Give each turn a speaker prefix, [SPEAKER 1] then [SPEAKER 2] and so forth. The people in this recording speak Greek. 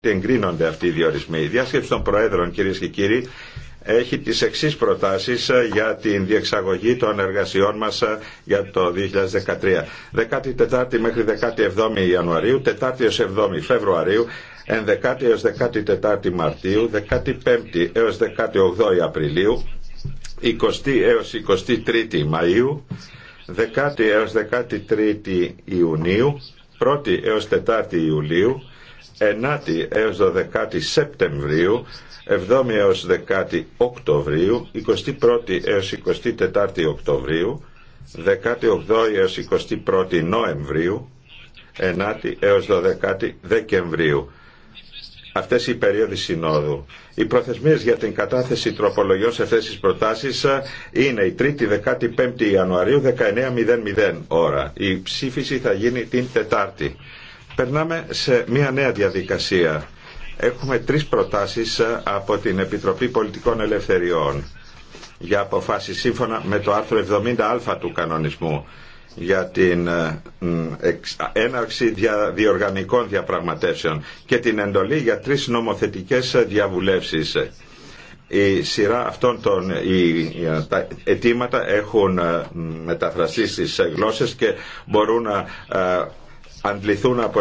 [SPEAKER 1] εγκρίνονται αυτοί οι διορισμοί. Η διάσκεψη των Προέδρων, κυρίε και κύριοι, έχει τι εξή προτάσει ε, για την διεξαγωγή των εργασιών μα ε, για το 2013. 14η μέχρι 17η Ιανουαρίου, 4η έω 7η Φεβρουαρίου, 11η έω 14η Μαρτίου, 15η έω 18η Απριλίου, 20η έω 23η Μαΐου, 10η έω 13η Ιουνίου, 1η έως 4η Ιουλίου, 9η έως 12η Σεπτεμβρίου, 7η έως 10η Οκτωβρίου, 21η έως 24η Οκτωβρίου, 18η έως 21η Νοεμβρίου, 9η έως 12η Δεκεμβρίου αυτές οι περίοδοι συνόδου. Οι προθεσμίες για την κατάθεση τροπολογιών σε αυτές τις προτάσεις ε, είναι η 3η 15η Ιανουαρίου 19.00 ώρα. Η ψήφιση θα γίνει την Τετάρτη. Περνάμε σε μια νέα διαδικασία. Έχουμε τρεις προτάσεις ε, από την Επιτροπή Πολιτικών Ελευθεριών για αποφάσεις σύμφωνα με το άρθρο 70α του κανονισμού για την ε, έναρξη διοργανικών διαπραγματεύσεων και την εντολή για τρεις νομοθετικές διαβουλεύσεις. Η σειρά αυτών των οι, τα αιτήματα έχουν ε, μεταφραστεί στις γλώσσες και μπορούν να ε, αντληθούν από